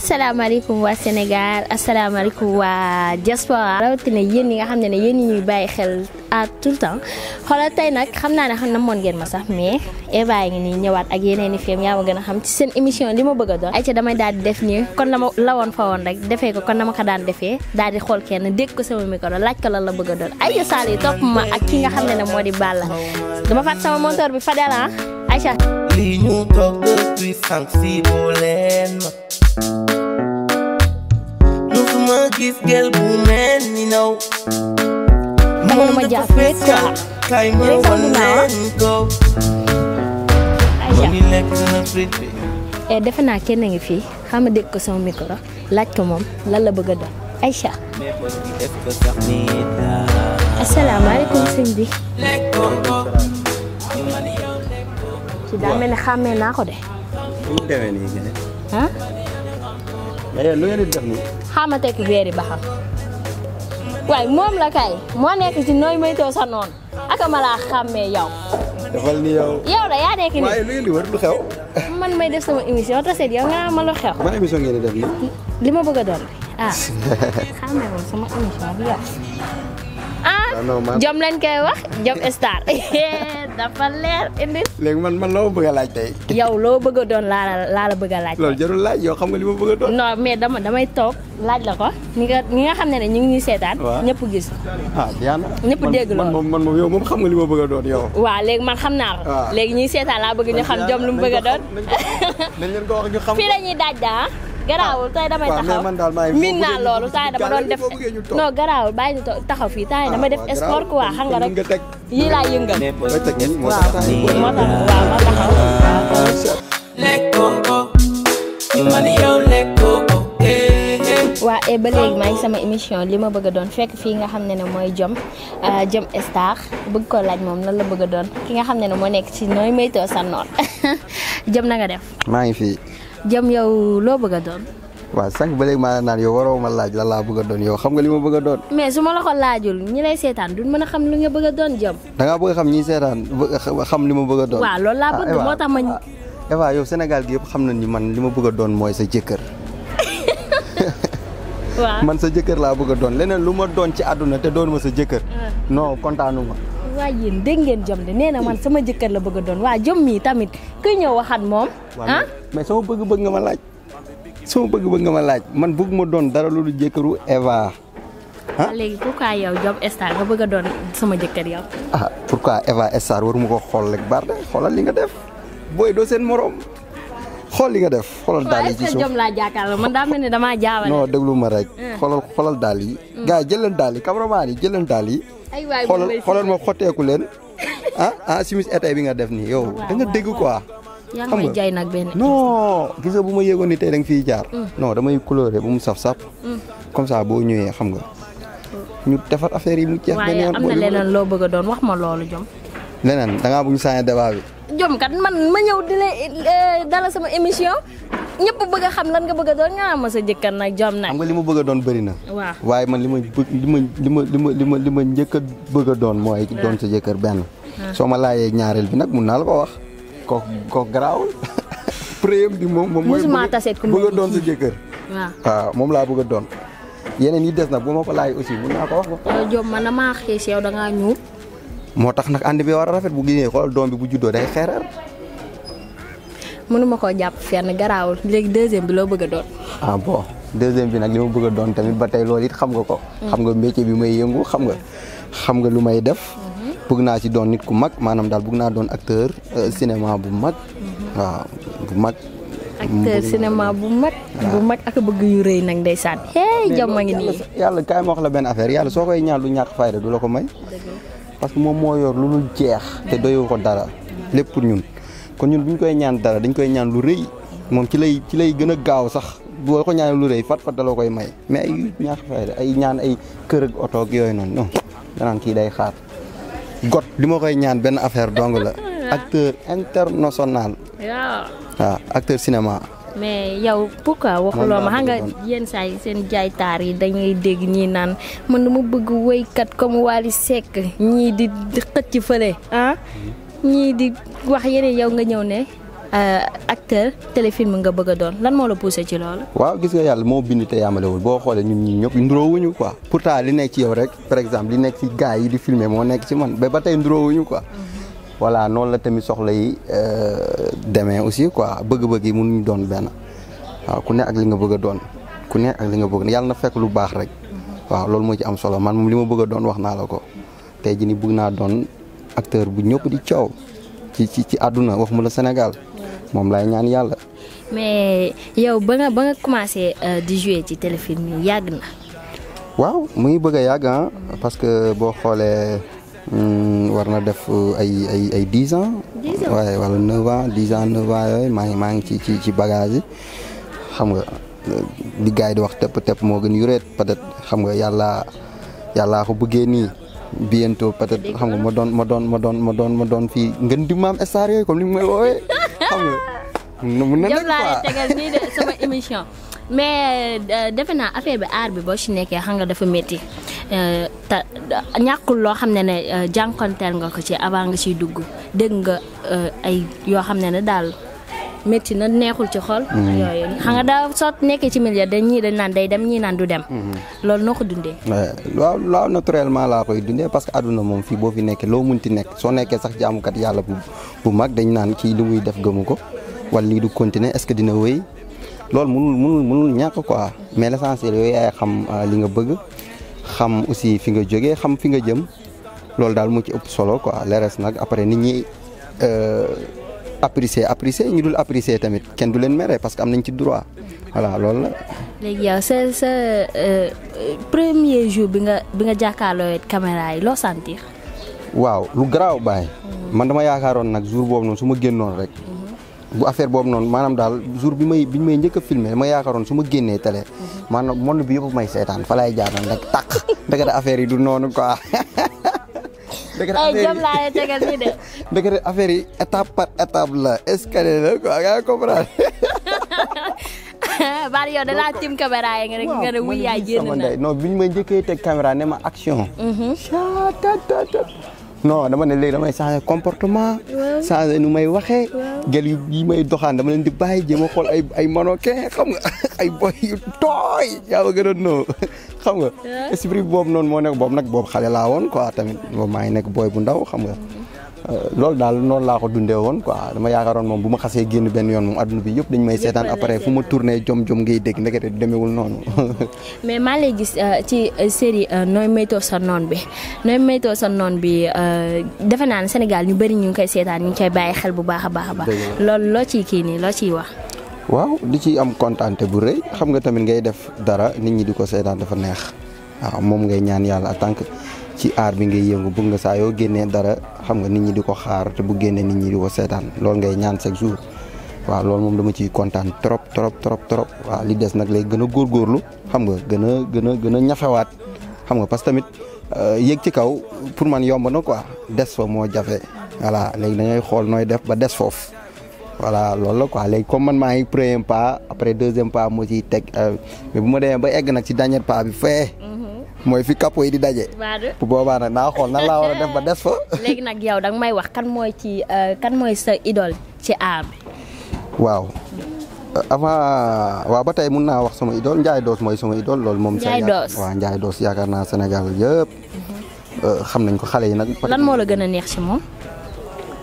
asalaamaaleykum waa Sénégal asalaamaaleykum wa diaspora rawatina yéen ñi nga xam ne ne yéen ñi ñuy bàyyi xel à tout le temps xoolal tay nak xam naa ne xam na moon ngeen ma sax mais Eva ngi nii ñëwaat ak yeneen i film yaa ma gën a xam ci seen émission li ma bëgg a ay ca damay daal def ni kon la ma fa woon rek defee ko kon na ma ko daan defee daal di xool kenn dégg ko sama micro laaj ko lan la bëgg a ay saal sali top ma ak ki nga xam ne ne moo Balla dama fat sama monteur bi Fadel ah li lii ñu toog depuis sànq si bolen ma ma gis gel bu mel ni naw moom dafa fekka kay ñëw wan leen ko ma ngi frit e ko sama micro laaj ko moom lan la bëgg a doon Aïcha asalaamaaleykum sëñ bi ci ko mais lu ngeen def xama tek wéré ba xam way mom la kay mo nek ya ci noy may to sa non aka mala xamé yow defal ni yow yow da ya nek ni way luy li war lu xew man may def sama émission ta sét yow nga ma lo xew man émission ngeen def ni lima bëgg doon ah xamé mo sama émission bi ya ah jom len kay wax jom star dafa leer indi. léegi man man loo ma bëgg a laaj tey. yow loo bëgg doon laa la laa la bëgg a laaj. loolu jarul laaj yow xam nga ma bëgg a doon. non dama damay toog laaj la ko ñi ñi nga xam ne ne ñu ngi ñuy seetaan. waaw ñëpp gis. ah Diana. ñëpp dégg loolu man man moom yow moom xam li ma bëgg a doon yow. waaw léegi man xam naa ko. Ah. léegi ñuy seetaan laa bëgg ñu xam jom lu mu bëgg a doon. nañ leen daaj daa garaawul tey damay taxaw min naa loolu dama doon taxaw dama ah, def sport quoi xam nga rek yii laa yëngal waaw moo tax ma eh, eh. Eh, sama émission li ma bëgg a doon fekk fii nga xam ne ne mooy Jom euh, Jom Star bëgg ko laaj moom lan la bëgg a doon ki nga xam ne ne moo nekk ci nooy maytoo sa noor Jom na nga def maa fii jëm yow loo bëgg a doon. waaw sànq ba léegi maa naan yow waroo ma laaj lan laa bëgg doon yow xam nga li ma bëgg a doon. mais su ma la ñi lay seetaan duñ mën a xam li nga bëgg a doon jëm. da ngaa bëgg a xam ñi seetaan xam li ma bëgg a doon. waaw loolu laa ah, bëgg moo tax ma. Ah, xam nañ ni man li ma bëgg doon mooy sa jëkkër. waaw man sa jëkkër laa bëgg a doon leneen lu ma doon ci àdduna te doon ma sa jëkkër. Ah. noo kontaanu ma. waaye yéen dégg ngeen jom de nee na man sama jëkkër la bëgg a doon waa jom tamit kuy ñëw waxaat moom. ah mais sama bëgg-bëgg nga ma laaj. sama bëgg-bëgg nga ma laaj man bëgg ma doon dara loolu jëkkëru Eva. ah léegi pourquoi yow Job Star nga bëgg a doon sama jëkkër yow. ah pourquoi Eva Star waruma ko xool rek bar de xoolal li nga def booy doo seen morom. xool li nga def xoolal daal yi ci suuf jom laa jàkkaarloo man daa mel ni damaa jaawale non déglu ma rek mm. xoolal xoolal daal yi mm. gars yi jël daal yi cameraman yi jël leen daal yi xoolal xoolal ma xotteeku leen ah ah simis bi nga def nii yow da nga dégg quoi yaa ngi may jaay gis nga bu ma yéegoon ni tey da nga fiy jaar mm. non damay coloré bu mu saf-saf comme ça boo ñëwee xam nga ñu defar affaire yi mu jeex waaye am na leneen loo bëgg doon wax ma loolu jom leneen da ngaa bëgg saa débat bi jom kat man ma ñew di la dalal sama émission ñepp bëgg xam lan nga bëgg doon nga ma sa jëkkan nak jom nak xam nga limu bëgg doon bari na waay man limu limu limu limu limu limu ñëkk bëgg doon moy doon sa jëkkër ben so ma laajee ñaarël bi nak mu naal ko wax ko ko graw prem di mom mom moy bëgg doon sa jëkkër waaw mom la bëgg doon yeneen yi dess nak bu ma ko aussi mu na ko wax jom man na ma xé ci yow da nga ñu motax nak andi bi wara rafet bu gine xol dom bi bu juddo day xeereer. munuma ko japp fenn garawul leg deuxième bi lo beug doon. ah bo deuxième bi nak limu beug doon tamit batay lolit xam nga ko. xam nga métier bi may yengu xam nga xam nga lumay def. bëgg naa ci doon nit ku mag maanaam daal bëgg naa doon acteur euh, cinéma bu mag. waaw bu mag. acteur cinéma bu mag. bu mag ak bëgg yu rëy nag ndeysaan. hey jom ma ngi nii yàlla kaay ma wax la benn affaire yàlla soo koy ñaan lu ñàkk fayda du la ko may. parce que moom moo yor lu dul jeex te doyoo ko dara lépp pour ñun kon ñun buñ koy ñaan dara dañ koy ñaan lu rëy moom ci lay ci lay gën a gaaw sax boo ko ñaanee lu rëy fat fat daloo koy may mais ay ñaax fayda ay ñaan ay kër ak oto ak yooyu noonu non danaan kii day xaar got li ma koy ñaan benn affaire dong la acteur international waaw acteur cinéma mais yow pourquoi waxuloo ma xam nga yenn saa yi seen jaay taar yi dañuy dégg ñii naan man dama bëgg woykat comme Wally Seck ñii di xëcc fële ah ñii di wax yeneen yow nga ñëw ne euh, acteur téléfilm nga bëgg a doon lan moo la poussé ci loolu. waaw gis nga yàlla moo bind te yaamalewul boo xoolee ñun ñii ñëpp nduroowuñu pour pourtant li nekk ci yow rek par exemple li nekk ci gaa yi di filmer moo nekk ci man ba ba tey nduroowuñu quoi. Mhm. voilà noonu la tamit soxla yi euh, demee aussi quoi bëgg-bëgg yi mënuñu doon benn waaw ku ne ak li nga bëgg a doon ku ne ak li nga bëgg yàlla na fekk lu baax rek waaw loolu moo ci am solo man moom li ma bëgg a doon wax naa la ko tey jii ni bëgg naa doon acteur bu ñëpp di coow ci ci ci àdduna wax mu moom lay ñaan yàlla. ba commencé euh, di jouer ci téléfilm yi yàgg na. waaw mu ngi bëgg a yàgg ah. parce que boo xoolee. Hmm, war na def euh, ay ay ay dix ans. dix ans waaye wala neuf ans dix ans neuf maa ngi maa ngi ci ci ci bagage yi xam nga di euh, gars yi di wax tepp tepp moo gën yureet peut-être xam nga yàlla yàllaa ko bëggee nii. bientôt peut-être xam nga ma doon ma doon ma doon ma doon ma doon fii ngeen di maam star yooyu comme ni may woowee xam nga. na nekk quoi tegal nii euh, defe naa affaire aar bi boo ci nekkee xam nga dafa te ñàkkul loo xam ne ne euh, jànkonteel nga ko ci avant nga ciy dugg dégg nga euh, ay yoo xam ne ne daal metti na neexul ci xol. Mm-hmm. yooyu na nga daa sot nekkee ci milieu dañ ñii dañ naan day dem ñii naan du dem. Mm-hmm. loolu noo ko dundee. waaw waaw naturellement laa koy dundee parce que àdduna moom fii boo fi nekkee loo mun ti nekk soo nekkee sax jaamukat yàlla bu bu mag dañ naan kii li muy def gëmu ko wala lii du continuer est-ce que dina wéy loolu mënul mënul mënul ñàkk mais l'essentiel yooyu euh, li nga bëgg. xam aussi fi nga joggé xam fi nga jëm lool dal mu ci upp solo quoi leres nak après nit ñi euh apprécier apprécier ñu dul apprécier tamit kenn du leen méré parce que am nañ ci droit voilà lool la. légui yow sa sa euh, premier jour bi nga bi nga jakkalo jàkkaarloo caméra yi lo sentir. waaw lu graw bay man dama yaakaaron nak jour bobu non suma gennon génnoon rek bu affaire boobu noonu maanaam daal jour bi may bi ñu may ma yaakaaroon su ma génnee télé mhm. maanaam monde bi yëpp may seetaan fa laay jaaroon rek tàq ndekete affaire yi du noonu quoi. ndekete affaire yi étape par étape la escalier la quoi nga comprendre. baal yow da laa tim caméra nga ne nga ne wuy yaay génn na non bi ñu may njëkkee teg caméra ne ma action. Mhm. non dama ne léegi damay changer comportement. changer nu may waxee. gel yu yi may doxaan dama leen di bàyyi jéem a xool ay ay mannequin xam nga ay boy yu tooy yaa ma gënoon noo xam nga. esprit boobu noonu moo nekk boobu nag boobu xale laa woon quoi tamit boobu maa ngi nekk boy bu ndaw xam nga. loolu daal noon laa ko dundee woon quoi dama yaakaaroon moom bu ma xasee génn benn yoon moom adduna bi yëpp dañ may seetaan après fu ma tourné jom jom ngay dégg ndekete demewul noonu. mais maa lay gis euh, ci euh, série euh, nooy moytoo sa noon bi nooy moytoo sa noon bi defe naa ne Sénégal ñu bëri ñu ngi koy seetaan ñu ngi koy bàyyi xel bu baax a baax a baax. loolu loo ciy kii nii loo ciy wax. waaw di ci am kontaante bu rëy xam nga tamit ngay def dara nit ñi di ko seetaan dafa neex. mom ngay ñaan yalla en ci ar bi ngay yëngu bu nga sa yo génné dara xam nga nit ñi diko xaar te bu génné nit ñi di wo sétan lool ngay ñaan chaque jour wa lool mom dama ci contane trop trop trop trop wa li dess nak lay gëna gor gorlu xam nga gëna gëna gëna ñafewat xam nga parce tamit euh, yegg ci kaw pour man yomb na quoi dess fa mo jafé wala léegi da ngay xool def ba dess fof wala lool la quoi léegi comme man ma ngi premier pas après deuxième pas mo ci tek euh, mais bu ma demee ba egg nak ci dernier pas bi fé มวยฟิกาปุยดีได้เจ๊บัวบานน้าขอนน้าเล่าเดฟบัดเดสฟเล่กนักเยาวดังไม่หว่กกันมวยที่กันมวยเสืออีดอลเชอาร์ว้าวอาว่าว่าบัตรไอ้มุน่าหวักสมัยอีดอลยายดอสมัยสมัยอีดอลหลอนมุมใช่ยายดอสว่ายายดอสยากัน่าเซนกาลเยอะเออคำหนึ่งก็ขั้นเลยนะแล้วมอลกันอันนี้ใช่ไหม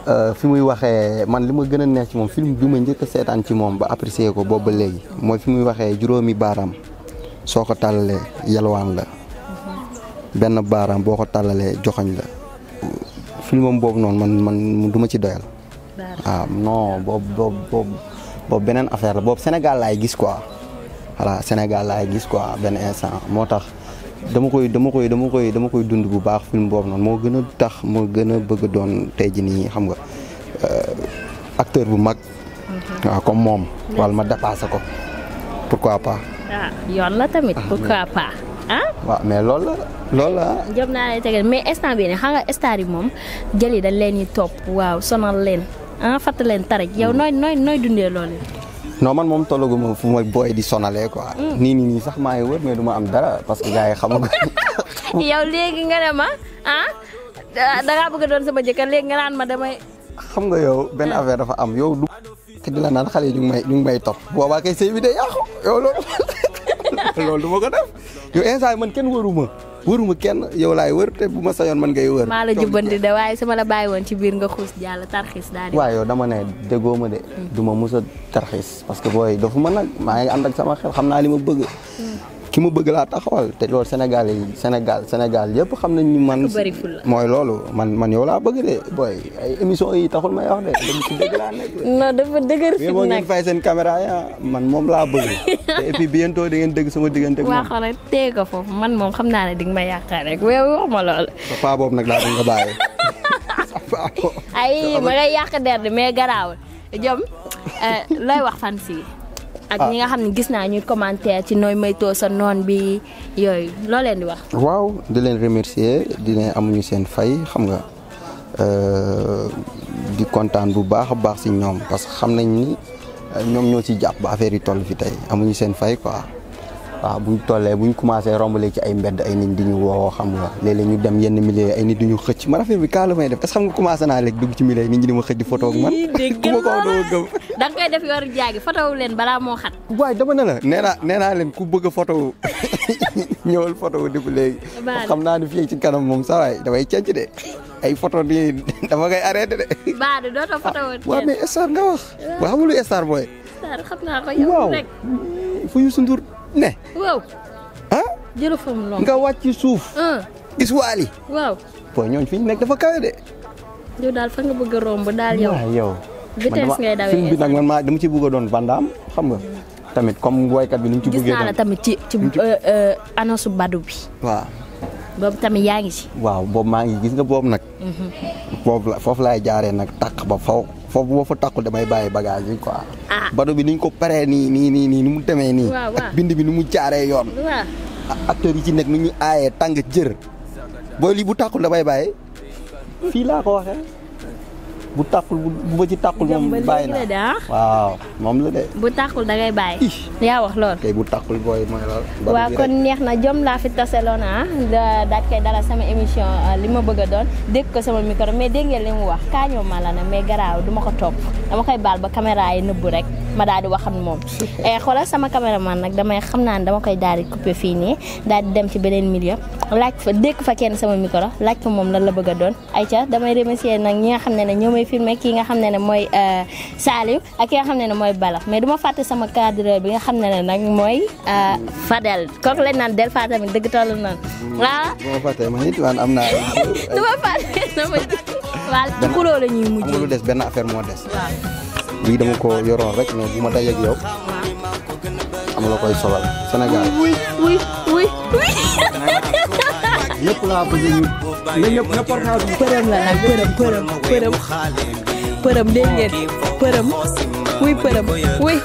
เอ่อฟิล์มวิวาเฮมันลิมกันอันนี้ใช่ไหมฟิล์มดูมันจ์ก็เสียตันใช่มหมบ้อภิเษกบ๊อบเบลเลยมวยฟิล์มวิาเฮจูโรมีบารัมโซคัตัเลยยัลวันเลย benn baaraam boo ko tàllalee joxoñ la filmam boobu noonu man man duma ci doyal waaw ah, non boobu boobu boobu beneen affaire la boobu Sénégal laay gis quoi voilà Sénégal laay gis quoi benn instant moo tax dama koy dama koy dama koy dama koy dund bu baax film boobu noonu moo gën a tax moo gën a bëgg doon tey ji nii xam nga euh, acteur bu mag mhm. waaw comme moom wala ma dépassé ko pourquoi pas waaw ah, ah waaw mais loolu la loolu la jëm naa lay tegal mais instant bi ne xam nga star yi moom jël yi dañ leen yi topp waaw sonal leen ah fatt leen tarik, yow mm. nooy nooy nooy dundee loolu non man moom tollaguma fu ma booy di sonalee quoi mm. nii nii nii sax maa ngi wër mais du ma am dara parce que gars yi xamagu yow léegi nga ne ma ah da ngaa bëgg doon sama jëkkër léegi nga naan ma damay xam nga yow benn mm. affaire dafa am yow du di la naan xale yi ñu may ñu may topp boobaa kay sëy bi yàqu yow loolu loolu du ma ko def yow instant yi man kenn waruma waruma kenn yow laay wër te bu ma sañoon man ngay wër. maa la jubbanti de waaye su ma la bàyyi woon ci biir nga xuus jàll tarxiis daal waaw yow dama ne déggoo ma de. Hmm. du ma mus a tarxiis parce que booy dofu ma nag maa ngi sama xel xam naa li ma bëgg. Hmm. ki ma bëgg laa taxawal te loolu Sénégal yi Sénégal Sénégal yëpp xam nañ ni man. mooy loolu man man yow laa bëgg de booy ay émission yi taxul may wax de dama ci dëgg laa nekk. non dafa dëgër fi nag ngeen fay seen caméra ya man moom laa bëgg te a puis bientôt di ngeen dëgg sama diggante ak moom. waa xoolal tee ko foofu man moom xam naa ne di ma yàqal rek waaw wax ma lool. papa boobu nag laa doon nga bàyyi. ay ma yàq der de mais garaawul Diome euh, looy wax fan si. ak ñi nga xam ne gis naa ñuy commentaire ci nooy mayto sa noon bi yooyu loo leen di wax. waaw di leen remercier dina amuñu seen fay xam nga euh, di kontaan bu baax a baax si ñoom parce que xam nañ ni euh, ñoom ñoo ci jàpp ba yi toll fi tey amuñu seen fay quoi. waaw buñ tollee buñ commencé rombale ci ay mbedd ay nit di ñu woo xam nga léeg-léeg ñu dem yenn milieu ay nit di ñu xëcc man affaire bi kaa la may def est-ce que xam nga commencé naa léegi dugg da wu leen balaa moo xat waaye dama ne la nee naa nee naa leen ku bëgg wu ñëwal photo wu léegi xam naa ni fii ci kanam moom sa dafay damay cenc de ay foto di dama koy arrêté de baadu dootoo photo wu waaw mais star nga wax ah. waa xam nga lu star fu Youssou Ndour ne. waaw. ah. jërëfam lool nga wàcc suuf. gis waali. waaw. booy ñooñ fi ñu nekk dafa kawe de. yow daal fan nga bëgg a romb daal yow. waaw yow. vitesse dawee film bi nag ma maa dama ci bugg a doon bandaam xam nga. tamit comme woykat bi ni mu ci bëggee. gis naa la tamit ci ci ba euh, euh, badu bi. waaw. boobu tamit yaa ngi si waaw boobu maa ngi gis nga boobu nag. foofu mhm. la foofu laay jaaree nag tàq ba faw. foofu boo fu takkul damay bàyyi bagage yi quoi. Ah. bato bi ni ñu ko paree nii nii nii nii ni mu demee nii. ak bind bi ni mu jaaree yoon. ak acteurs yi ci nekk nu ñu aayee tàng jër. booy lii bu takkul damay bàyyi fii laa ko waxee. bu tàqul bu ba ci tàqul moom bàyyi naa ah? waaw moom la de. bu tàqul da ngay bàyyi. yaa wax lool. kay bu tàqul booy mooy lool. waaw kon neex na jom laa fi taseloon ah? da daal koy dalal sama émission ah, li ma bëgg a doon dégg ko sama micro mais dégg ngeen li mu wax kaañoo ma la na mais garaaw du ma ko topp dama koy baal ba caméra yi nëbbu rek ma daal di wax ak moom. Eh, xoolal sama caméraman nag damay xam naa ne dama koy daal di fii nii daal di dem ci beneen milieu laaj fa dégg fa sama micro laaj fa moom lan la bëgg a doon ayca damay remercier nag ñi xam ne ne ñoo may filmé kii nga xam ne ne mooy euh, Saliou ak ki nga xam ne ne mooy Bala mais du ma fàtte sama cadreur bi nga xam ne ne nag mooy euh, Fadel kooku lañ naan del fa tamit dëgg toll noonu ah. waaw. bu ma fàttee ma nit waan am naa. du ma fàtte sama mujj. lu des benn affaire moo des. waaw dama ko yoroon rek mais bu ma dajee ak yow. am la koy solal Sénégal. wuy wuy wuy. ñëpp na ñëpp përëm la përëm përëm përëm përëm dégg ngeen përëm wuy përëm wuy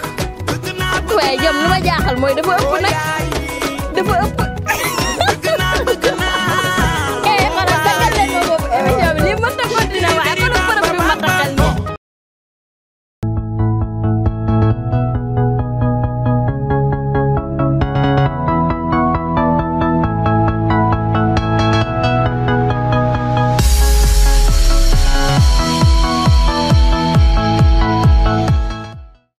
waaye jom lu ma jaaxal mooy